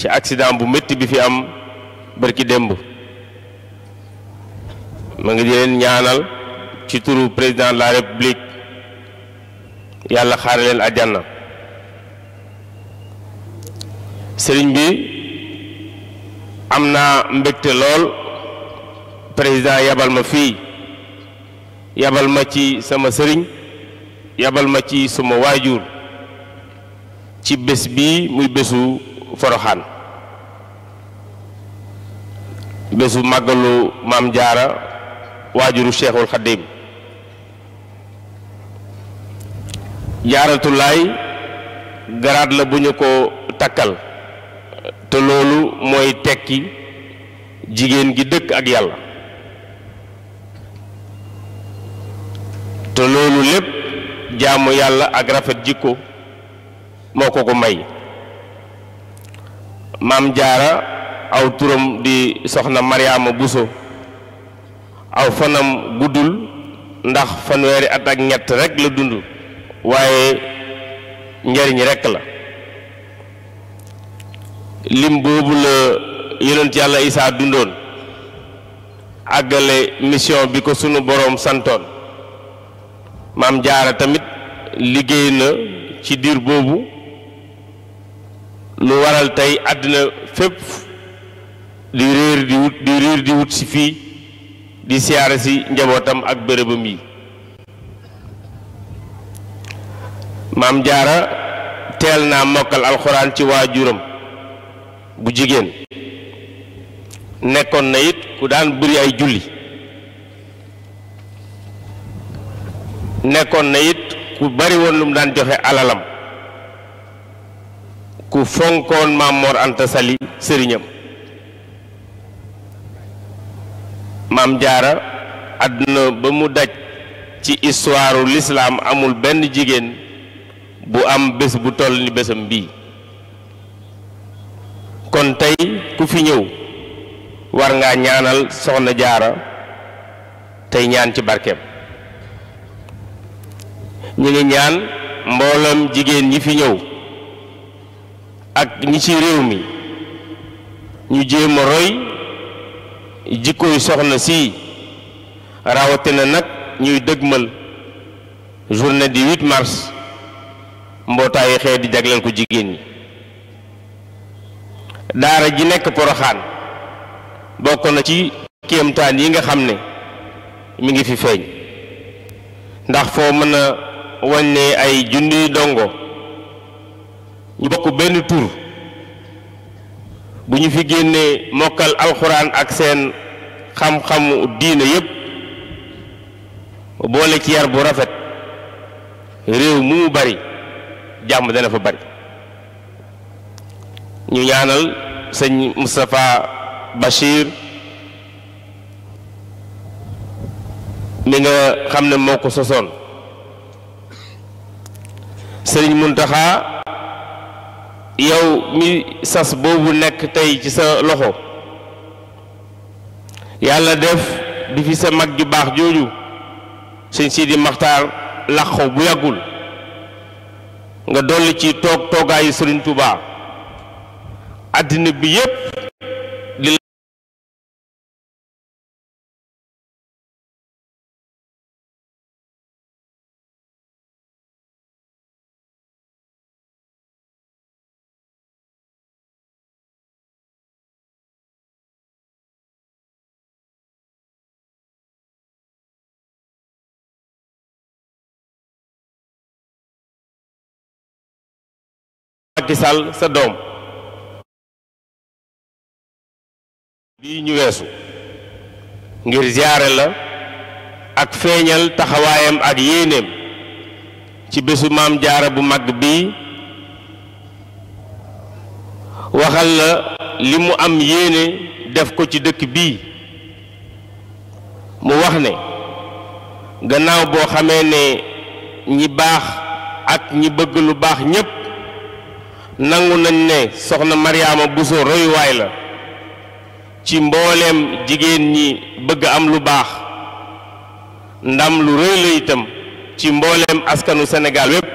ci accident bu métti bi fi am ki démb ma ngi di leen ñaanal ci turu président la république yàlla xaar leen àjjana sëriñ bi am naa mbegte lool président yabal ma fii yabal ma ci sama sëriñ yabal ma ci sama waajur ci bés bi muy bésu foroxaan bésu màggalu maam jaara waajuru Cheikhul Khadim jaaratulaay garaat la bu ñu ko takkal te loolu mooy tekki jigéen gi dëkk ak yàlla te loolu lépp jaamu yàlla ak rafet jikko moo ko ko may maam jaara aw turam di soxna Mariama Buso aw fanam guddul ndax fanweeri at ak ñett rekk la dund waaye njariñ rekk la lim boobu la yonent yàlla isaa dundoon àggale mission bi ko sunu boroom santoon maam jaara tamit liggéey na ci diir boobu lu waral tey àddina fépp di réer di wut di réer di wut si fii di siyaare si njabootam ak bërëbam yi maam jaara teel na mokkal alxuraan ci waajuram bu jigéen nekkoon na it ku daan bëri ay julli nekkoon na it ku bari woon lu mu daan joxe alalam ku fonkoon maam Mor sëriñam maam jaara àdduna ba mu daj ci histoire lislaam amul benn jigéen bu am bés bu toll ni bésam bii kon tey ku fi ñëw war ngaa ñaanal soxna jaara tey ñaan ci barkeem ñu ngi ñaan mboolam jigéen ñi fi ñëw ak ñi ci réew mi ñu jéem a roy jikkooy soxna si rawatina nag ñuy dëgmal journée du 8 mars mbootaayu xeet di jagleel ko jigéen ñi daara ji nekk poroxaan bokk na ci kéemtaan yi nga xam ne mu ngi fi feeñ ndax foo mën a wàññee ay junniy dongo ñu bokk benn tur bu ñu fi génnee mokkal alxuraan ak seen xam-xamu diine yépp boole ci yar bu rafet réew mu mu bari jàmm na fa bari ñu ñaanal sëñ Moustapha Bachir mi nga xam ne moo ko sosoon sëriñ Muntaxa yow mi sas boobu nekk tey ci sa loxo yàlla def di fi sa mag ju baax jooju sëñ Sidi Maxtaar làqo bu yàggul nga dolli ci toog toogaayu Sëriñ àddina bi yépp Macky sa doom lii ñu weesu ngir ziyaare la ak feeñal taxawaayam ak yéenéem ci bésu maam jaara bu mag bi waxal la limu am yéene def ko ci dëkk bii mu wax ne gannaaw boo xamee ne ñi baax ak ñi bëgg lu baax ñépp nangu nañ ne soxna Mariama Bousso royuwaay la ci mbooleem jigéen ñi bëgg am lu baax ndam lu rëy la itam ci mbooleem askanu senegaal wépp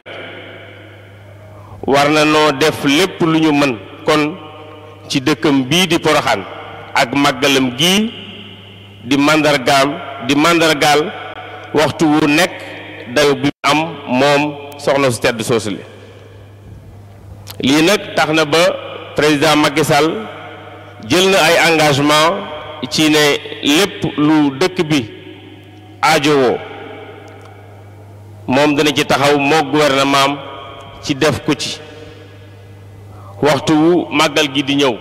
war na noo def lépp lu ñu mën kon ci dëkkam bii di Poroxaan ak màggalam gi di màndargaam di màndargaal waxtu wu nekk dayo bi am moom soxna su tedd soosu li lii nag tax na ba président Macky Sall jël na ay engagement ci ne lépp lu dëkk bi aajowoo moom dana ci taxaw moo gouvernement am ci def ko ci waxtu wu màggal gi di ñëw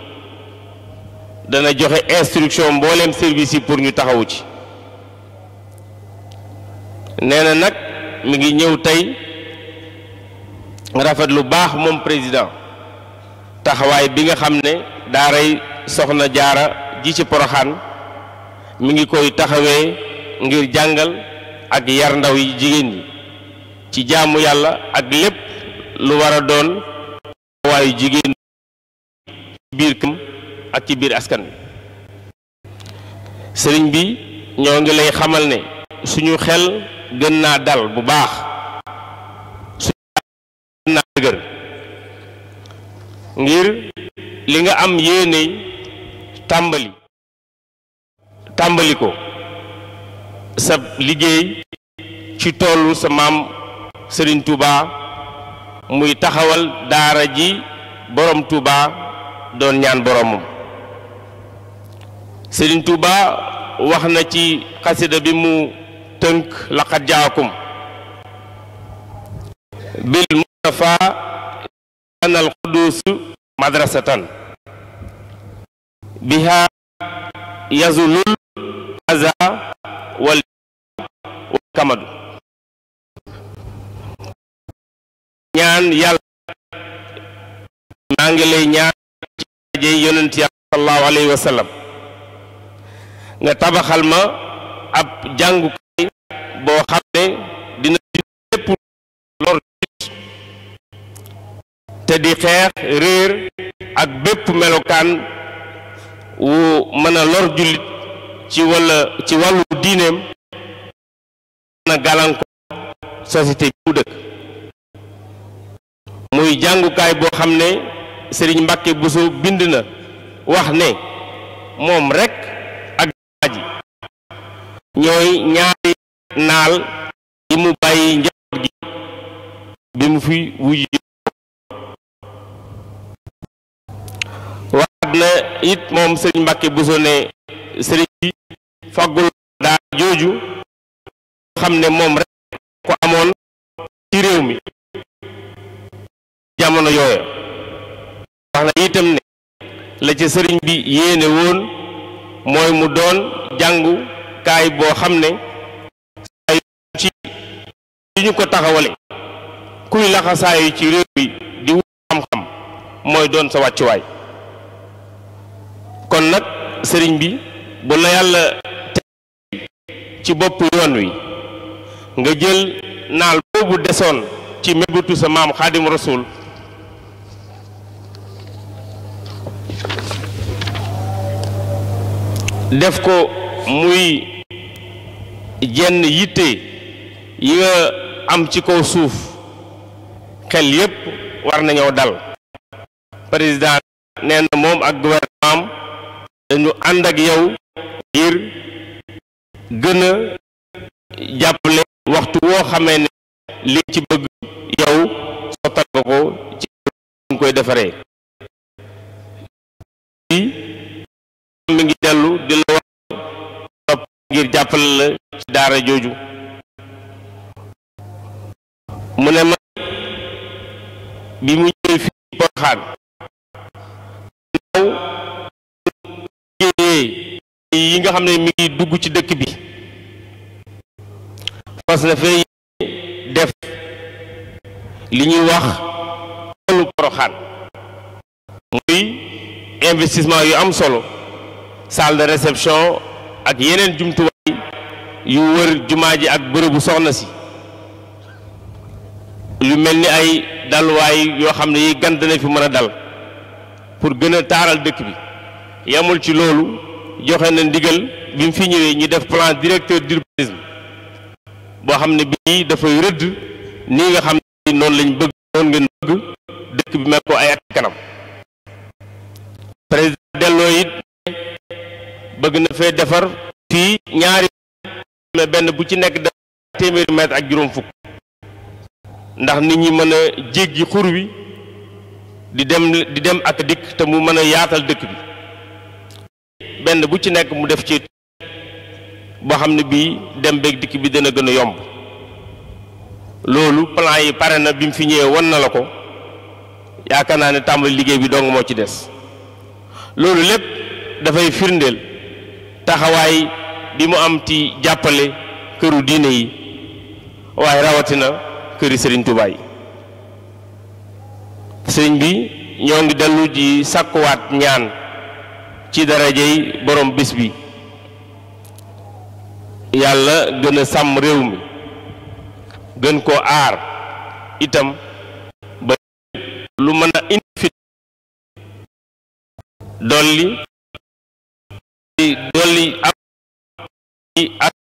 dana joxe instruction mboolem service yi pour ñu taxawu ci neena nag mu ngi ñëw tey rafet lu baax moom président taxawaay bi nga xam ne daaray soxna jaara ji ci poroxaan mu ngi koy taxawee ngir jàngal ak yar ndaw yi jigéen ñi ci jaamu yàlla ak lépp lu war a doon taxawaayu jigéen ci biir këm ak ci biir askan bi sëriñ bi ñoo ngi lay xamal ne suñu xel gën naa dal bu baax ngir li nga am yéeney tàmbali tàmbali ko sa liggéey ci toolu sa maam Serigne Touba muy taxawal daara ji boroom tubaa doon ñaan boromam Serigne Touba wax na ci xasida bi mu tënk laqad jaakum bil mustafa كان القدوس ñaan yàlla maa ngi lay ñaan ci daraje yonent yàlla sallallahu alayhi nga tabaxal ma ab jàngukaay boo xam te di xeex réer ak bépp melokaan wu mën a lor jullit ci walla ci wàllu diineem mën a gàllankoor société bu dëkk muy jàngukaay boo xam ne Sëriñ Mbàkke Buso bind na wax ne moom rekk ak ji ñooy ñaari naal yi mu bàyyi njaboot bi mu fi wujj it moom sëñ Mbàkke Buso ne sëriñ bi faggul daa jooju xam ne moom rek ko amoon ci réew mi jamono yooya wax na itam ne la ci sëriñ bi yéene woon mooy mu doon jàngu kaay boo xam ne saa ci ko taxawale kuy laxasaayu ci réew mi di wut xam-xam mooy doon sa wàccuwaay nag sëriñ bi bu la yàlla ci bopp yoon wi nga jël naal boobu desoon ci mébétu sa maam xaadim rasul def ko muy jenn yitte yi nga am ci kaw suuf xel yépp war nañoo dal président nee moom ak gouvernement dañu ànd ak yow ngir gën a jàppale waxtu woo xamee ne li ci bëgg yow sottal nga ko ci nga koy defaree bi mi ngi dellu di la wax ngir jàppale la ci daara jooju mu ne ma bi mu ñëwee fii Porokhane yi nga xam ne mi ngi dugg ci dëkk bi fas na fee def li ñuy wax xolu poroxaan muy investissement yu am solo salle de réception ak yeneen jumtuwaay yu wër jumaa ji ak bërëbu soxna si lu mel ni ay dalwaay yoo xam ne yi gan dana fi mën a dal pour gën a taaral dëkk bi yamul ci loolu joxe na ndigal bi mu fi ñëwee ñi def plan directeur d'urbanisme boo xam ne bii dafay rëdd nii nga xam ne noonu lañ bëgg noonu ngeen bëgg dëkk bi mel ko ay at kanam président delloo it bëgg na fee defar fii ñaari mais benn bu ci nekk def téeméeri mètre ak juróom fukk ndax nit ñi mën a jéggi xur wi di dem di dem ak dikk te mu mën a yaatal dëkk bi benn bu ci nekk mu def ci boo xam ne bii dem beeg dikk bi dana gën a yomb loolu plan yi pare na bi mu fi ñëwee won na la ko yaakaar naa ne tàmbali liggéey bi dong moo ci des loolu lépp dafay firndeel taxawaay bi mu am ci jàppale këru diine yi waaye rawatina këri sëriñ Tuubaa sëriñ bi ñoo ngi dellu di sàkkuwaat ñaan ci darajey borom bis bi yàlla gëna sàmm réew mi gën koo aar itam ba lu mën a indi fit dolli dolli ak